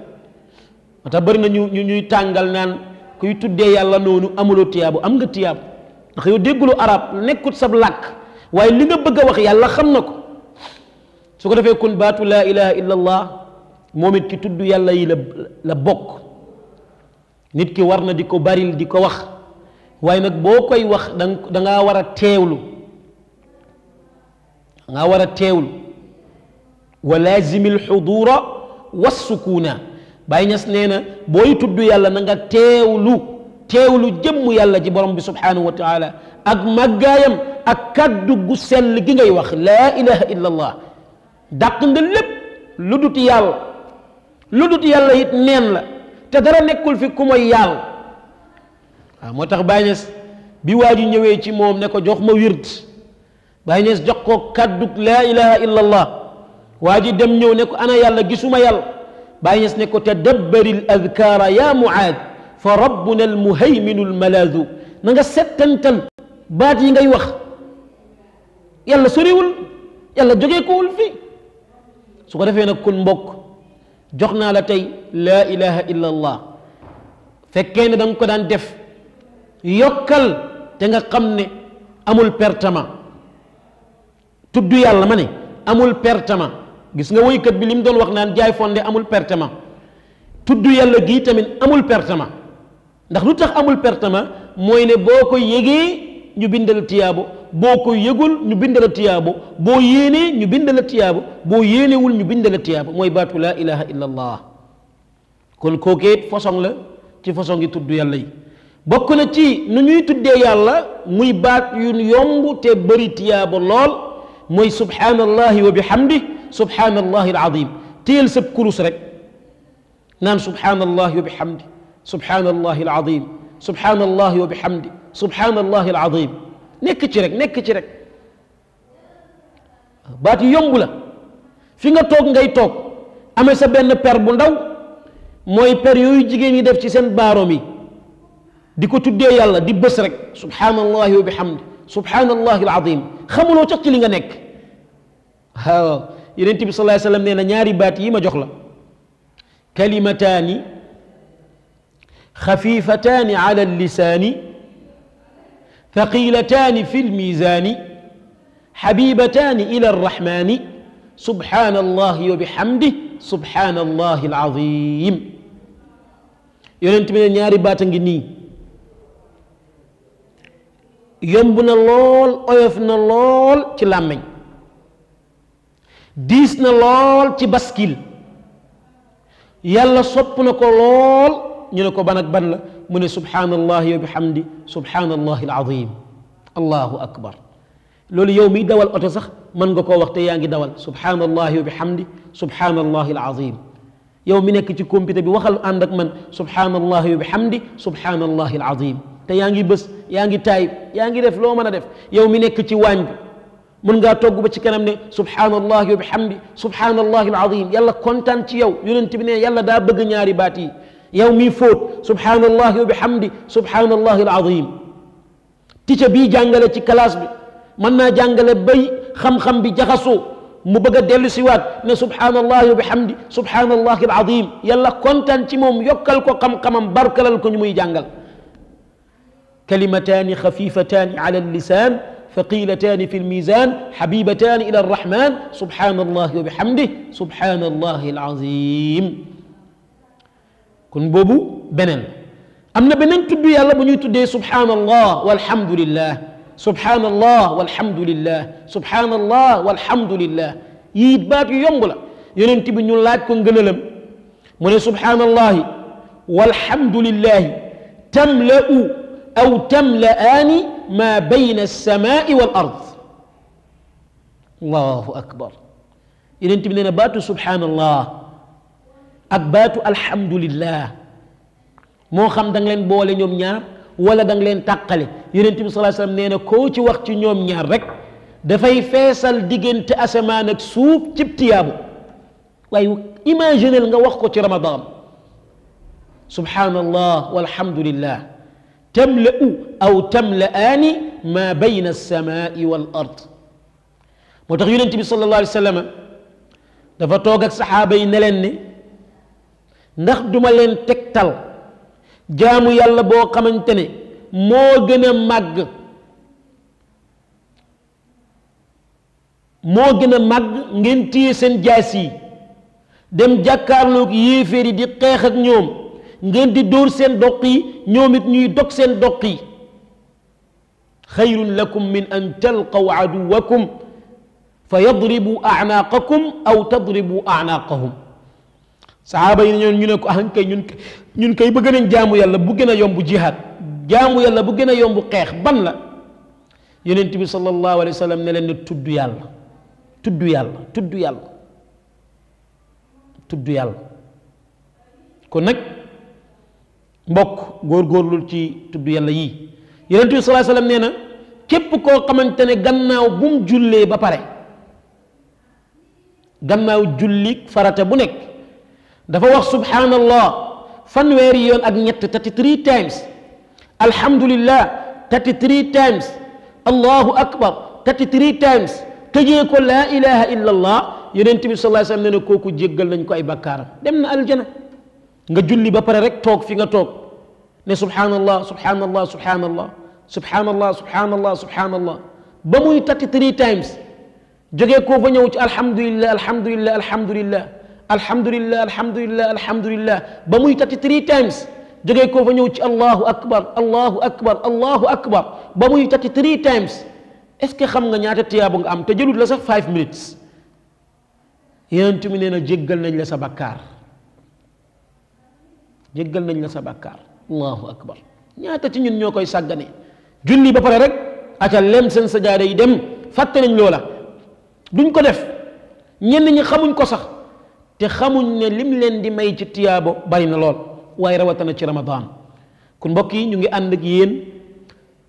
moo bari na ñu ñuy tàngal naan kuy tuddee yàlla noonu amuloo tiyaabu am nga tiyaabu ndax yow déggulu arab nekkut sab làkk waaye li nga bëgg a wax yàlla xam na ko su ko defee kun baatu laa ilaha illa allah moom it ci tudd yàlla yi la la bokk nit ki war na di ko baril di ko wax waaye nag boo koy wax da ngaa war a teewlu da ngaa war a teewlu wa laazimi alxudura wassukuuna bàyyi ñas nee na booy tudd yàlla na nga teewlu teewlu jëmm yàlla ji borom bi subhanahu wa taala ak màggaayam ak kaddu gu sell gi ngay wax laa ilaha illa allah dàq nga lépp lu dut yàlla lu dut yàlla it neen la te dara nekkul fi ku mooy yàlla waaw moo tax Baay Ñas bi waa ji ñëwee ci moom ne ko jox ma wird Baay Ñas jox ko kaddu laa ilaha illa allah waa ji dem ñëw ne ko ana yàlla gisuma yàlla Baay Ñas ne ko tadabbaril adkaara yaa muaad فربنا المهيمن الملاذ نغا ستنتل بات يي غاي واخ يالا سوريول يالا جوغي كول في سو كو ديفي نا كون مبوك جوخنا لا تاي لا اله الا الله فكين دان كو دان ديف يوكال تيغا خامني امول بيرتاما تودو يالا ماني امول بيرتاما غيس nga way kat bi lim doon wax nan jay fondé amul pertement tuddu yalla gi tamen amul pertement ndax lutax amul pertement moy ne boko ko ñu bindal tiyabo boko yëgul ñu bindal tiyabo bo yene ñu bindal tiyabo bo yene wul ñu bindal tiyabo moy batu la ilaha illa allah kon kookee fosong la ci fosong gi tuddu yàlla yi bokku na ci nu ñuy tuddé yàlla muy bat yu yomb te bëri tiyabo lol moy subhanallahi wa bihamdi subhanallahi alazim téyel sep kurus rek nan subhanallahi wa bihamdi subxaana allahi alcadiim subxaana allahi wa bixamdi subxaana allahi alcadiim nekk ci rek nekk ci rek baat yi yomb la fi nga toog ngay toog amee sa benn per bu ndaw mooy per yooyu jigéen ñi def ci seen baaroom yi di ko tuddee yàlla di bés rek subhaanallahi wa bihamdi subhaanallahi alazim xamuloo sax ci li nga nekk waaw yenent bi sallallahu alayhi wa sallam nee na ñaari baat yi ma jox la kalimataani خفيفتان على اللسان ثقيلتان في الميزان حبيبتان إلى الرحمن سبحان الله وبحمده سبحان الله العظيم يونت من نياري باتنجني يومبنا لول اويفنا لول تي لامي ديسنا لول تي باسكيل يالا سوبنا ñu ne ko ban ak ban la mu ne subhanallahi wa bihamdi subhanallahi alazim allahu akbar loolu yow miy dawal oto sax mën nga koo wax te yaa ngi dawal subhanallahi wa bihamdi subhanallahi alazim yow mi nekk ci computer bi waxal ànd ak man subhanallahi wa bihamdi subhanallahi alazim te yaa ngi bés yaa ngi taayib yaa ngi def loo mën a def yow mi nekk ci waañ bi mën ngaa togg ba ci kanam ne subhanallahi wa bihamdi subhanallahi alazim yàlla kontaan ci yow yonent bi ne yàlla daa bëgg ñaari baat yi يومي فوت سبحان الله وبحمده سبحان الله العظيم تيجي بي جانغالي تي كلاس بي مانا جانغالي بي خم خم بي جخصو مو بغا ديلو سيوات سبحان الله وبحمده سبحان الله العظيم يلا كنت أنت موم يوكل كو خم خم بارك لال كو نيموي جانغال كلمتان خفيفتان على اللسان ثقيلتان في الميزان حبيبتان الى الرحمن سبحان الله وبحمده سبحان الله العظيم kon boobu beneen la am na beneen tudd yàlla bu ñuy tuddee subhanallah walhamdulillah subhanallah walhamdulillah subhanallah walhamdulillah yii baat yu yomb la yonent bi ñu laaj ko ngënalam mu ne subhanallahi walhamdulillahi tamla'u aw tamla'ani ma bayna alsamai wal ard allahu akbar yonent bi nee na baatu subhanallah ak baatu alhamdulillah mo xam dang nga leen boole ñoom ñaar wala dang nga leen tàqale yonent bi sallallahu alayhi wasallam na ko ci wax ci ñoom ñaar rek da fay feesal diggante asaman ak suuf ci tiyabu way imaginer nga wax ko ci ramadan subhanallah walhamdulillah tamla'u aw tamla'ani ma bayna as alsamai wal ard motax tax yonent bi sallallahu alayhi wasallam sallam dafa toog ak sahaba yi ne leen ne ndax duma leen tegtal jaamu yàlla boo xamante ne moo gën a màgg moo gën a màgg ngeen téye seen jaas yi dem jàkkaarloog yéeféer yi di xeex ak ñoom ngeen di dóor seen doq yi ñoom it ñuy dog seen doq yi xayrun lakum min an talqaw aduwakum fa yadribu anaaqakum aw tadribu saxaaba yi ñoon ñu ne ko ah kay ñun ñun kay bëgg nañ jaamu yàlla bu gën a yomb jihaad jaamu yàlla bu gën a yomb xeex ban la yonent bi sallallahu alayhi wa sallam ne leen ne tudd yàlla tudd yàlla tudd yàlla tudd kon nag mbokk góor góorgóorlu ci tudd yàlla yii yonent bi sallallahu alayhi wa sallam nee na képp koo xamante ne gannaaw bu mu jullee ba pare gannaaw julli farata bu nekk dafa wax subhanallah fanweeri yoon ak ñett 33 times alhamdulillah 33 times allahu akbar 33 times tëjee ko laa ilaha illa allah yonent bi sallallahu alayhi wasallam nee na kooku jéggal nañ ko ay bakkaaram dem na aljana nga julli ba pare rek toog fi nga toog ne subhanallah subhanallah subhanallah subhanallah subhanallah subhanallah ba muy 33 times jógee koo fa ñëw ci alhamdulillah alhamdulillah alhamdulillah alhamdulillah alhamdulillah alhamdulillah ba muy tati three times jógee koo fa ñëw ci allahu akbar allahu akbar allahu akbar ba muy tati three times est ce que xam nga ñaata tiyaabu nga am te jëlut la sax five minutes yonent mi nee na jéggal nañ la sa bakkaar jéggal nañ la sa bakkaar allahu akbar ñaata ci ñun ñoo koy sàggane julli ba pare rek aca lem seen sa jaare yi dem fàtte nañ loola duñ ko def ñenn ñi xamuñ ko sax te xamuñ ne mu leen di may ci tiyaabo bari na lool waaye rawatana ci ramadaan kon mbokk yi ñu ngi ànd ak yéen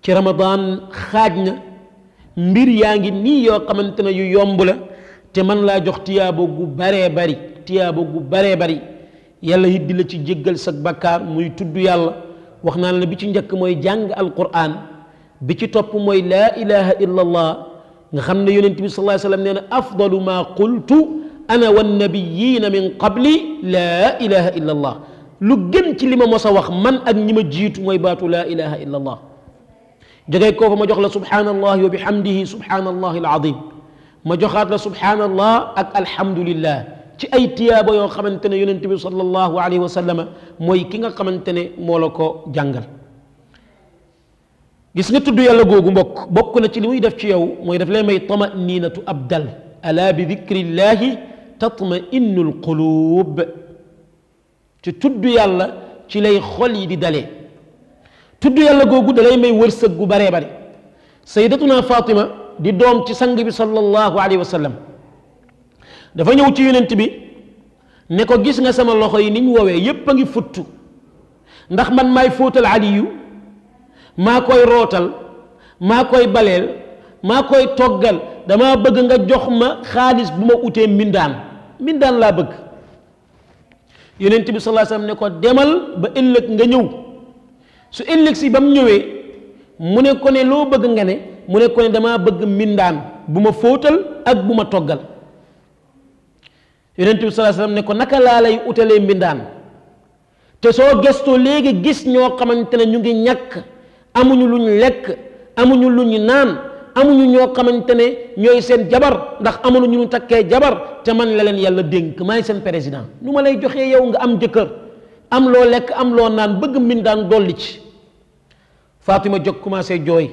ci ramadaan xaaj na mbir yaa ngi nii yoo xamante ne yu yomb la te man laa jox tiyaabo gu baree bari tiyaabo gu baree bari yàlla yit di la ci jéggal sag bakkaar muy tudd yàlla wax naa la bi ci njëkk mooy jàng alquran bi ci topp mooy laa ilaha illa allah nga xam ne yonent bi sallallahu wa sallam nee na afdalu ma qultu انا والنبيين من قبلي لا اله الا الله لو جيم تي لي موسا واخ مان اك نيما جيتو موي باتو لا اله الا الله جاي كوفا ما جوخ لا سبحان الله وبحمده سبحان الله العظيم ما جوخات لا سبحان الله اك الحمد لله تي اي تيابو يو خامتني يونتبي صلى الله عليه وسلم موي كيغا خامتني مولاكو جانغال gis nga tuddu yàlla googu mbokk bokk na ci li muy def ci yow mooy daf lay may tamanina تطمئن القلوب تتد يالا تي لاي خول دالي تد يالا غوغو دالاي مي ورسك غو باري باري سيدتنا فاطمه دي دوم تي سانغ بي صلى الله عليه وسلم دا فا نيو تي يوننت بي نيكو غيس nga sama loxoy niñ wowe yep nga futtu ndax man may fotal aliyu ma koy rotal ma koy balel ma koy togal dama bëgg nga jox ma mbindaan laa bëgg yonent bi sallallahu alayhi ne ko demal ba ëllëg nga ñëw su ëllëg si ba mu ñëwee mu ne ko ne loo bëgg nga ne mu ne ko ne damaa bëgg mbindaan bu ma fóotal ak bu ma toggal yonent bi sallallahu alayhi ne ko naka laa lay utalee mbindaan te soo gëstoo léegi gis ñoo xamante ne ñu ngi ñàkk amuñu luñ lekk amuñu lu ñu naan amuñu ñoo xamante ne ñooy seen jabar ndax amuñu ñu takkee jabar te man la leen yàlla dénk maay seen président nu ma lay joxee yow nga am jëkkër am loo lekk am loo naan bëgg min daan dolli ci Fatima jóg commencé jooy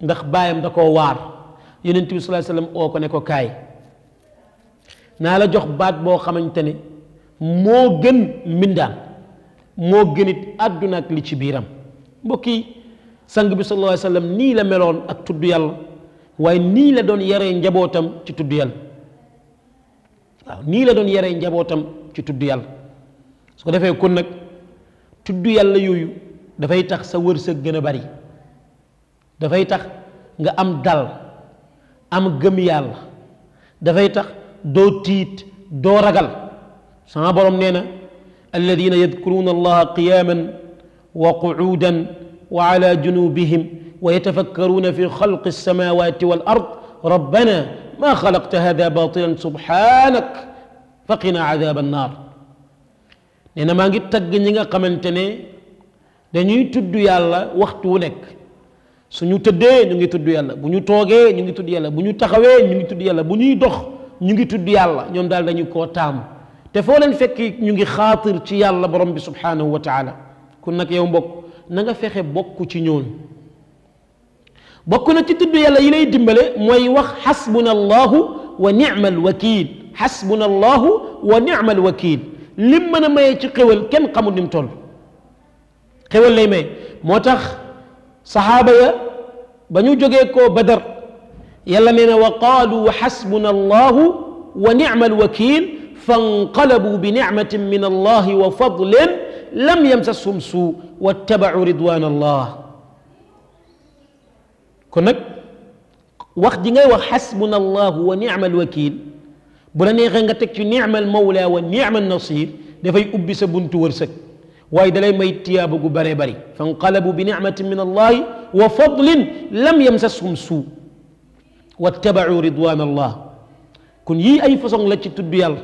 ndax baayam da ko waar yonent bi sallallahu alayhi wasallam oo ko ne ko kaay naa la jox baat boo xamante ne moo gën mbindaan moo gënit àdduna ak li ci biiram mbokk yi sang bi sallallahu alayhi wasallam nii la meloon ak tudd yàlla waye ni la doon yaree njabootam ci tudd yàlla waaw nii la doon yaree njabootam ci tudd yàlla su ko defee kon nag tudd yàlla yooyu dafay tax sa wërsëg gën a bari dafay tax nga am dal am gëm yàlla dafay tax doo tiit doo ragal sama borom nee na alladina yadkuruuna allaha qiyaaman wa qucuudan wa ala junubihim ويتفكرون في خلق السماوات والأرض ربنا ما خلقت هذا باطلا سبحانك فقنا عذاب النار نينا ما نجد تقن ينغا قمنتني دنيو تدو يالا وقت ولك سنو تدين نيو تدو يالا بنيو توغي نيو تدو يالا بنيو تخوي نيو تدو يالا بنيو دخ نيو تدو يالا نيوم دال دنيو كوتام تفولن فكي نيو خاطر تي يالا برمب سبحانه وتعالى كنك يوم بوك نغا فخي بوك كتنيون bokk na ci tudd yàlla yi lay dimbale mooy wax xasbuna allahu wa ni'mal wakiil xasbuna allahu wa ni'mal wakiil lim mën a maye ci xéwal kenn xamul ni mu toll xéwal lay may moo tax saxaaba ya ba ñu jógee koo badar yàlla nee na wa qaalu xasbuna allahu wa ni'mal wakiil فانقلبوا بنعمة من الله وفضل لم يمسسهم سوء واتبعوا رضوان الله kon nag wax ji ngay wax xasbuna allahu wa niamal wakil bu la neexee nga teg ci niamal mawla wa niamal nasir dafay ubbi sa buntu wërsëg waaye dalay may tiyaaba gu bare bari fanqalabu bi nicmatin min allahi wa fadlin lam yamsashum suu wattabacu ridwan allah kon yii ay façon la ci tudd yàlla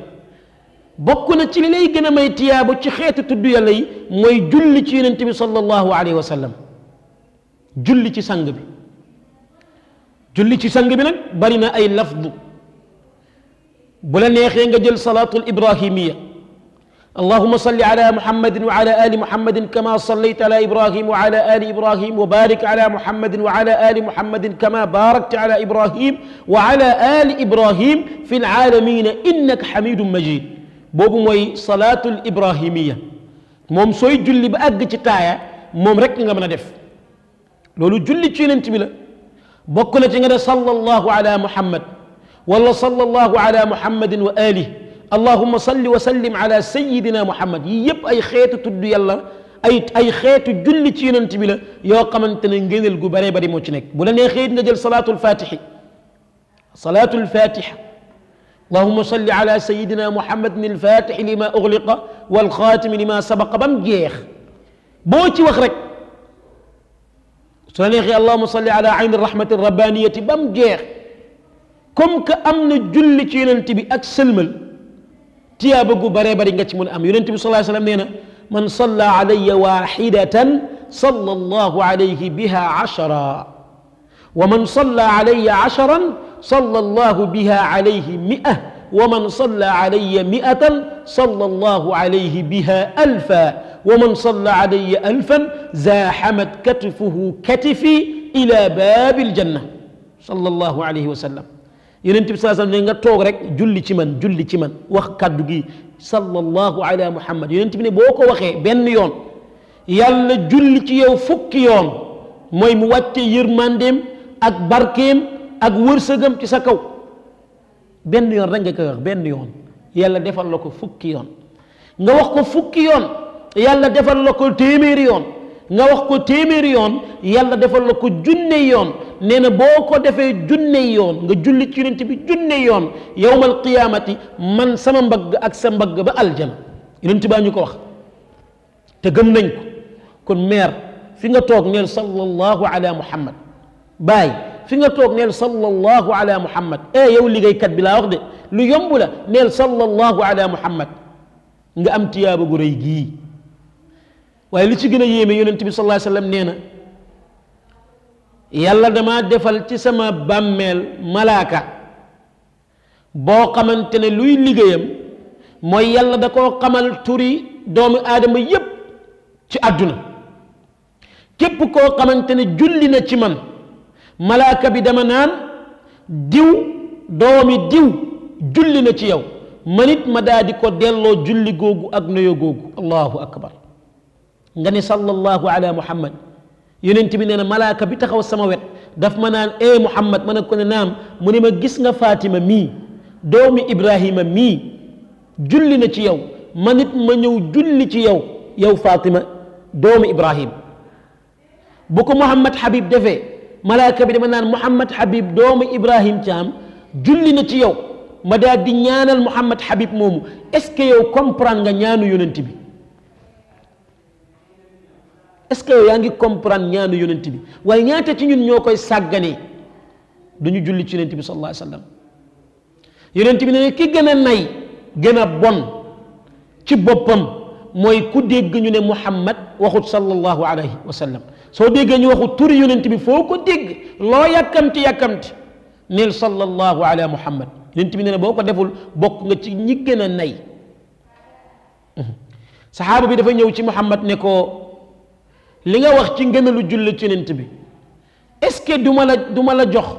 bokk na ci li lay gën a may tiyaaba ci xeetu tudd yàlla yi mooy julli ci yonente bi sallallahu alayhi wa sallam julli ci sang bi جولي ci sang bi nag اي لفظ بولا نيهي nga جيل صلاه الابراهيميه اللهم صل على محمد وعلى ال محمد كما صليت على ابراهيم وعلى ال ابراهيم وبارك على محمد وعلى ال محمد كما باركت على ابراهيم وعلى ال ابراهيم في العالمين انك حميد مجيد بوب موي صلاه الابراهيميه موم سوي جولي با اغ سي تايا موم رك nga meuna def lolou julli ci yenen bi la بكل تنجد صلى الله على محمد والله صلى الله على محمد وآله اللهم صل وسلم على سيدنا محمد يب أي خيط تدو يلا أي أي خيط جل تين أنت بلا يا يوقف من تنجين الجبرة بري موجنك بلا خيط نجل صلاة الفاتحة صلاة الفاتحة اللهم صل على سيدنا محمد الفاتح لما أغلق والخاتم لما سبق بمجيخ بوتي وخرك سنيخي اللهم صل على عين الرحمة الربانية بام جيخ كم كأمن جل تيننتي بي أك سلمل تيابك بري بري نغا تيمون أم يننتي صلى الله عليه وسلم نينا من صلى علي واحدة صلى الله عليه بها عشرا ومن صلى علي عشرا صلى الله بها عليه مئة ومن صلى علي مئة صلى الله عليه بها ألفا ومن صلى علي ألفا زاحمت كتفه كتفي إلى باب الجنة صلى الله عليه وسلم يننتب صلى الله عليه وسلم نغا توغ رك جولي تي من جولي تي من واخ كادو جي صلى الله على محمد يننتب ني بوكو واخي بن يون يالا جولي تي يو فك يون موي مو واتي يرمانديم اك باركيم اك ورسغم تي سا كاو ben yon rek nga koy wax ben yon yàlla defal lako fukki yon nga wax ko fukki yon yàlla defal lako temer yon nga wax ko temer yon yàlla defal lako junne yon neena boko defé junne yon nga julli ci yonent bi junne yon yawmal qiyamati man sama mbag ak sa mbag ba aljam yonent baa ko wax te gëm nañ ko kon mer fi nga tok neel sallallahu ala muhammad bàyyi fi nga toog neel sallallahu ala muhammad eh yow liggéeykat bi laa wax de lu yomb la neel sallallahu ala muhammad nga am tiyaaba gu rëy gii waaye li ci gën a yéeme yonent bi sallallahu alayhi wasallam nee na yàlla dama defal ci sama bàmmeel malaaka boo xamante ne luy liggéeyam mooy yàlla da koo xamal turi doomu aadama yépp ci àdduna képp koo xamante ne ci man malaaka bi dama naan diw doomi diw julli na ci yow manit ma daa di ko delloo julli googu ak nuyo googu allahu akbar nga ne sallallahu ala muhammad yonent bi nee na malaaka bi taxaw sama wet daf ma naan e muhammad ma ne ko ne naam mu ne ma gis nga fatima mii doomi ibrahima mii julli na ci yow manit ma ñëw julli ci yow yow fatima doomi ibrahim bu ko muhammad habib defee malaaka bi dama naan muhammad habib doomu ibrahim Jam julli na ci yow ma daal di ñaanal muhammad habib moomu est ce que yow comprendre nga ñaanu yonent bi est ce que yow yaa ngi comprendre ñaanu yonent bi waaye ñaata ci ñun ñoo koy duñu julli ci yonent bi sallallahu alayhi wasallam yonent bi ne ki gën a nay gën a bon ci boppam mooy ku dégg ñu ne muhammad waxut sallallahu alayhi wasallam soo déggee ñu waxu turi yonent bi foo ko dégg loo yàkkamti yàkkamti neel sallallahu ala muhammad yonent bi nee na boo ko deful bokk nga ci ñi gën a nay saxaaba bi dafa ñëw ci muhammad ne ko li nga wax ci ngënalu julli ci yonent bi est ce que du ma la du ma la jox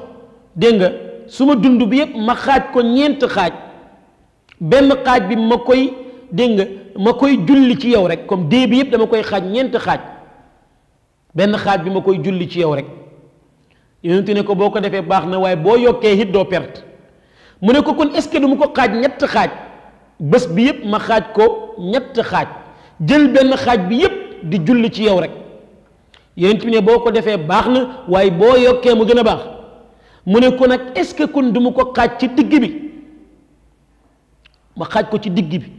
dégg nga su ma dund bi yëpp ma xaaj ko ñeent xaaj benn xaaj bi ma koy dégg nga ma koy julli ci yow rek comme dee bi yëpp dama koy xaaj ñeent xaaj benn xaaj bi ma koy julli ci yow rek yonente ne ko boo ko defee baax na waaye boo yokkee it doo perte mu ne ko kon est-ce que du ko xaaj ñett xaaj bés bi yépp ma xaaj ko ñett xaaj jël benn xaaj bi yépp di julli ci yow rek yonent ne boo ko defee baax na waaye boo yokkee mu gën a baax mu ne ko nag est-ce que kon duma ko xaaj ci digg bi ma xaaj ko ci digg bi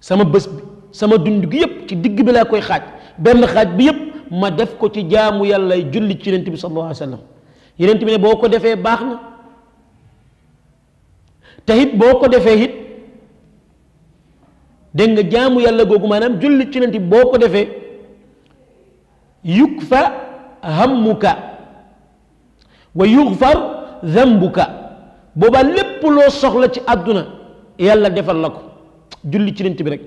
sama bés bi sama dund gi yépp ci digg bi laa koy xaaj benn xaaj bi yépp ma def ko ci jaamu yàlla julli ci yonent bi sallallahu alayhi wa sallam yonent bi ne boo ko defee baax na te it boo ko defee it dégg nga jaamu yàlla googu maanaam julli ci yonent bi boo ko defee fa hammuka wa yuxfar zambuka boobaa lépp loo soxla ci àdduna yàlla defal la ko julli ci yonent bi rek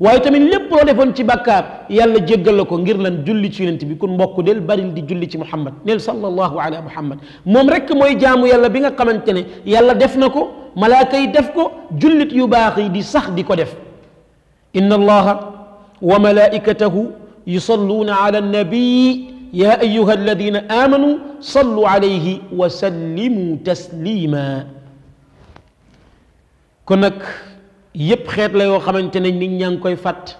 waye tamit lépp lo defon ci bakkar yàlla jéggal lako ngir lan julli ci yonent bi kun mbokk del baril di julli ci muhammad neel sallallahu ala muhammad mom rek moy jaamu yàlla bi nga xamantene yàlla def nako malaika yi def ko jullit yu bax yi di sax di ko def inna allaha wa malaikatahu yusalluna ala nabi ya ayyuha alladhina amanu sallu alayhi wa sallimu taslima kon nak yépp xeet la yoo xamante ne nit ñaa ngi koy fàtt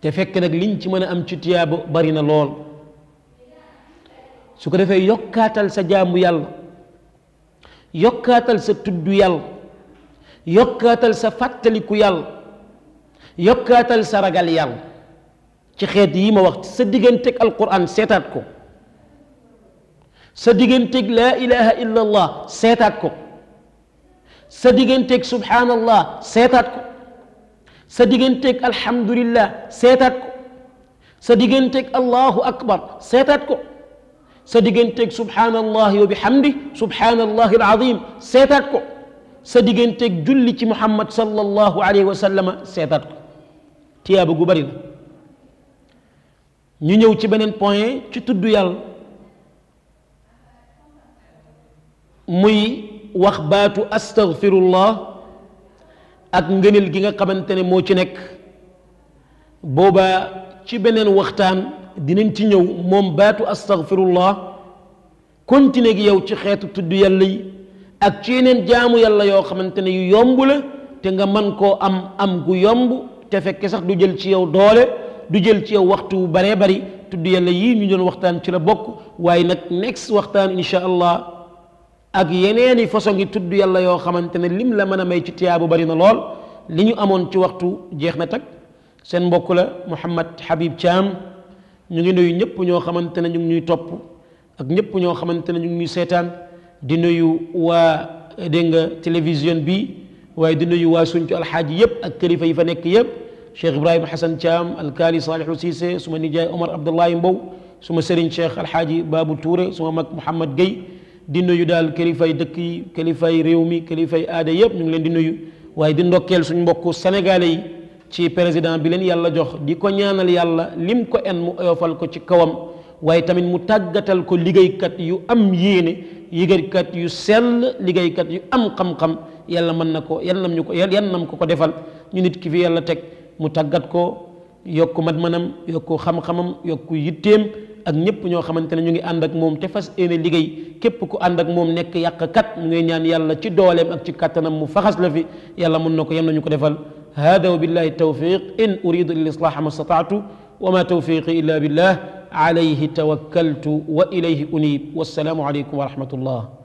te fekk nag liñ ci mën a am ci tuyaaba bari na lool su ko defee yokkaatal sa jaamu yàlla yokkaatal sa tudd yàlla yokkaatal sa fàttaliku yàlla yokkaatal sa ragal yàlla ci xeet yi ma wax sa digganteeg alquran seetaat ko sa digganteeg la ilaha illa allah ko sa digganteeg subhanallah seetaat ko sa digganteeg alhamdulillah seetaat ko sa digganteeg allahu akbar seetaat ko sa digganteeg subhanallah wa bihamdi subhanallah alazim seetaat ko sa digganteeg julli ci muhammad sallallahu alayhi wa sallama seetaat ko tiyaaba gu bari la ñu ñëw ci beneen point ci tudd yàlla muy wax baatu astaghfirullah ak ngëneel gi nga xamante ne moo ci nekk booba ci beneen waxtaan dinañ ci ñëw moom baatu astaghfirullah continuer gi yow ci xeetu tudd yàlla yi ak ci yeneen jaamu yàlla yoo xamante ne yu yomb la te nga man koo am am gu yomb te fekke sax du jël ci yow doole du jël ci yow waxtu wu baree bari tudd yàlla yi ñu doon waxtaan ci la bokk waaye nag next waxtaan incha ak yeneeni façon yi tudd yàlla yoo xamante ne lim la mën a may ci tiyaabu bari na lool li ñu amoon ci waxtu jeex na tag seen mbokk la muhammad Habib Thiam ñu ngi nuyu ñëpp ñoo xamante ne ñu ngi ñuy topp ak ñëpp ñoo xamante ne ñu ngi ñuy seetaan di nuyu waa dégg nga télévision bi waaye di nuyu waa suncu alxaaji yëpp ak kilifa yi fa nekk yëpp Cheikh Ibrahima Hassan Thiam alkaali Salihu Cissé suma nijaay Omar Abdullahi Mbow suma sëriñ Cheikh alxaaji babu Touré suma mag Mouhamed Gueye di nuyu daal kilifay dëkk yi kilifay réew mi kilifay aada yëpp ñu ngi leen di nuyu waaye di ndokkeel suñ mbokku sénégalais yi ci président bi leen yàlla jox di ko ñaanal yàlla lim ko en mu oyofal ko ci kawam waaye tamit mu tàggatal ko liggéeykat yu am yéene liggéeykat yu sell liggéeykat yu am xam-xam yàlla mën na ko yal nam ñu ko yal nam ko ko defal ñu nit ki fi yàlla teg mu tàggat ko yokk mat manam yokk xam-xamam yokku yitteem ak ñëpp ño xamantene ñu ngi ànd ak mom te fas ene ligey kep ku ànd ak mom nek yak kat mu ngi ñaan yàlla ci dolem ak ci katanam mu faxas la fi yàlla mun nako ko yem nañu ko defal hada billahi tawfiq in uridu illa islah ma stataatu wa ma tawfiqi illa billah alayhi tawakkaltu wa ilayhi unib wassalamu alaykum wa rahmatullah